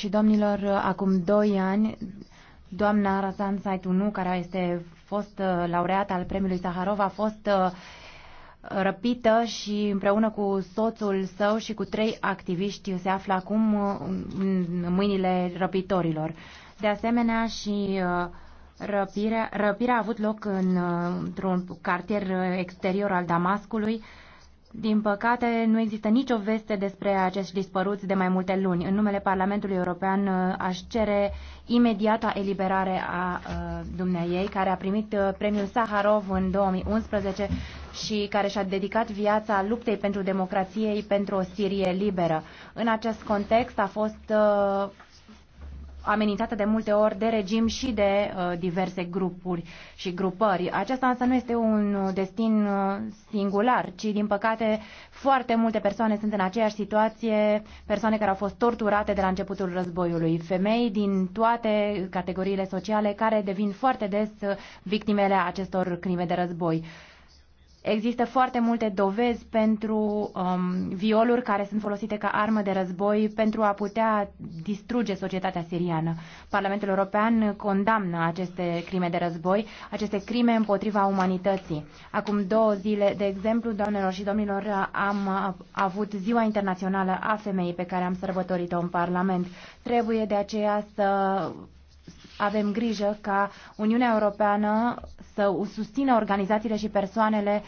și domnilor, acum doi ani, doamna Razan Saitunu, care este fost uh, laureat al premiului Saharov, a fost uh, răpită și împreună cu soțul său și cu trei activiști se află acum uh, în mâinile răpitorilor. De asemenea și răpirea, răpirea a avut loc în, într-un cartier exterior al Damascului, din păcate, nu există nicio veste despre acești dispăruți de mai multe luni. În numele Parlamentului European uh, aș cere imediata eliberare a uh, dumneiei, care a primit uh, premiul Saharov în 2011 și care și-a dedicat viața luptei pentru democrație, pentru o Sirie liberă. În acest context a fost amenințată de multe ori de regim și de uh, diverse grupuri și grupări. Aceasta însă nu este un uh, destin uh, singular, ci din păcate foarte multe persoane sunt în aceeași situație, persoane care au fost torturate de la începutul războiului, femei din toate categoriile sociale care devin foarte des uh, victimele acestor crime de război. Există foarte multe dovezi pentru um, violuri care sunt folosite ca armă de război pentru a putea distruge societatea siriană. Parlamentul European condamnă aceste crime de război, aceste crime împotriva umanității. Acum două zile, de exemplu, doamnelor și domnilor, am avut Ziua Internațională a Femeii pe care am sărbătorit-o în Parlament. Trebuie de aceea să avem grijă ca Uniunea Europeană să susțină organizațiile și persoanele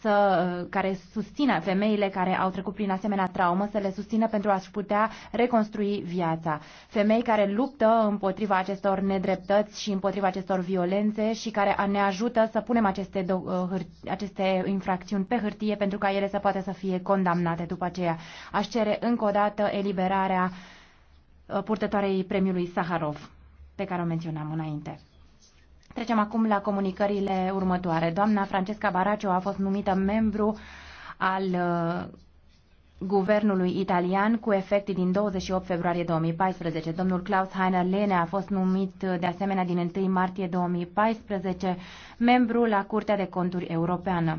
să, care susțină femeile care au trecut prin asemenea traumă, să le susțină pentru a-și putea reconstrui viața. Femei care luptă împotriva acestor nedreptăți și împotriva acestor violențe și care ne ajută să punem aceste, uh, aceste infracțiuni pe hârtie pentru ca ele să poată să fie condamnate după aceea. Aș cere încă o dată eliberarea uh, purtătoarei premiului Saharov pe care o menționam înainte. Trecem acum la comunicările următoare. Doamna Francesca Baraciu a fost numită membru al uh, guvernului italian cu efect din 28 februarie 2014. Domnul Klaus Heiner Lene a fost numit uh, de asemenea din 1 martie 2014 membru la Curtea de Conturi Europeană.